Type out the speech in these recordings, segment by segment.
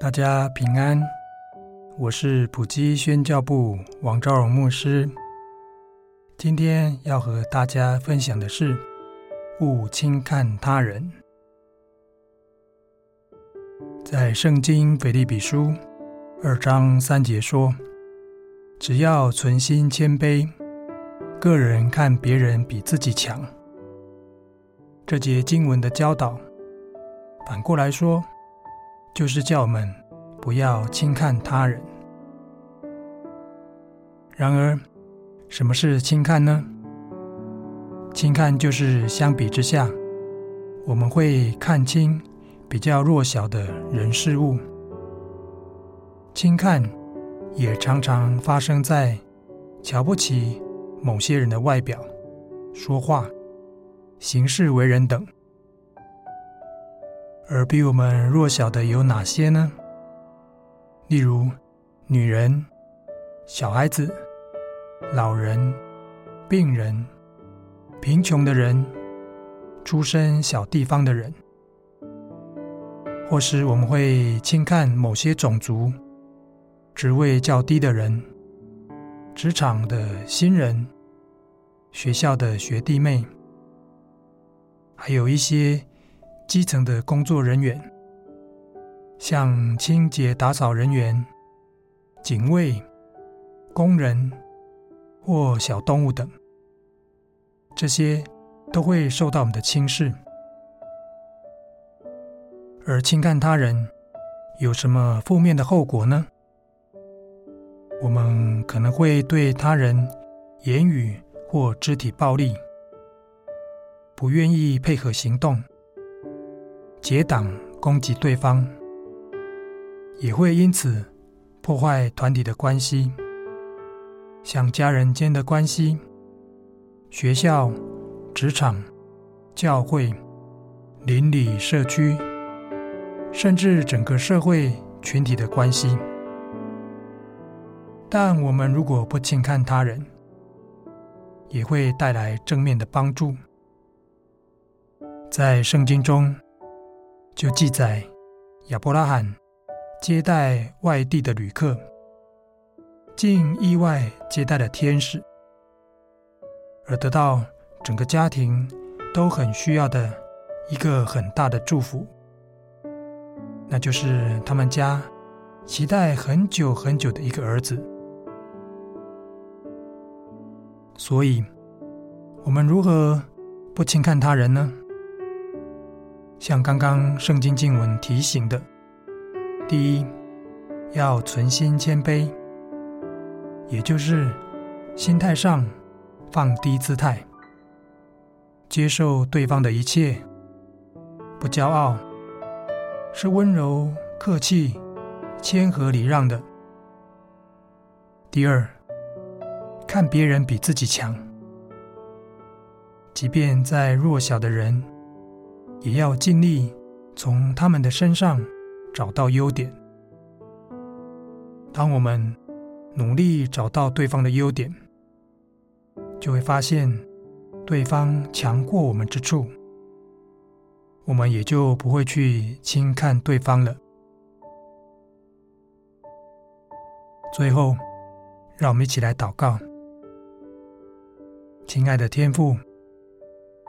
大家平安，我是埔基宣教部王昭榮牧師。今天要和大家分享的是：勿輕看他人。在聖經腓立比書二章三節說：“只要存心謙卑，各人看別人比自己強。”這節經文的教導，反過來說。就是叫我們不要輕看他人。然而，什麼是輕看呢？輕看就是相比之下，我們會看輕比較弱小的人事物。輕看也常常發生在瞧不起某些人的外表、說話、行事為人等。而比我們弱小的有哪些呢？例如，女人、小孩子、老人、病人、貧窮的人、出身小地方的人，或是我們會輕看某些種族、職位較低的人、職場的新人、學校的學弟妹，還有一些。基層的工作人員，像清潔打掃人員、警衛、工人或小動物等，這些都會受到我們的輕視。而輕看他人有什麼負面的後果呢？我們可能會對他人言語或肢體暴力，不願意配合行動。結黨攻擊對方，也會因此破壞團體的關係，像家人間的關係、學校、職場、教會、鄰里、社區，甚至整個社會群體的關係。但我們如果不輕看他人，也會帶來正面的幫助。在聖經中，就記載，亞伯拉罕接待外地的旅客，竟意外接待了天使，而得到整個家庭都很需要的一個很大的祝福，那就是他們家期待很久很久的一個兒子。所以，我們如何不輕看他人呢？像剛剛聖經經文提醒的，第一，要存心謙卑，也就是心態上放低姿態，接受對方的一切，不驕傲，是溫柔、客氣、謙和、禮讓的。第二，看別人比自己強，即便再弱小的人。也要盡力從他們的身上找到優點。當我們努力找到對方的優點，就會發現對方強過我們之處，我們也就不會去輕看對方了。最後，讓我們一起來禱告，親愛的天父，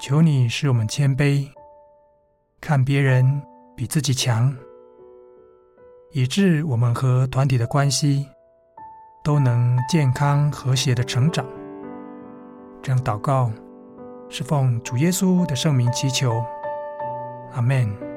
求你使我們謙卑。看別人比自己強，以致我們和團體的關係都能健康和諧的成長。這樣禱告，是奉主耶穌的聖名祈求，阿門。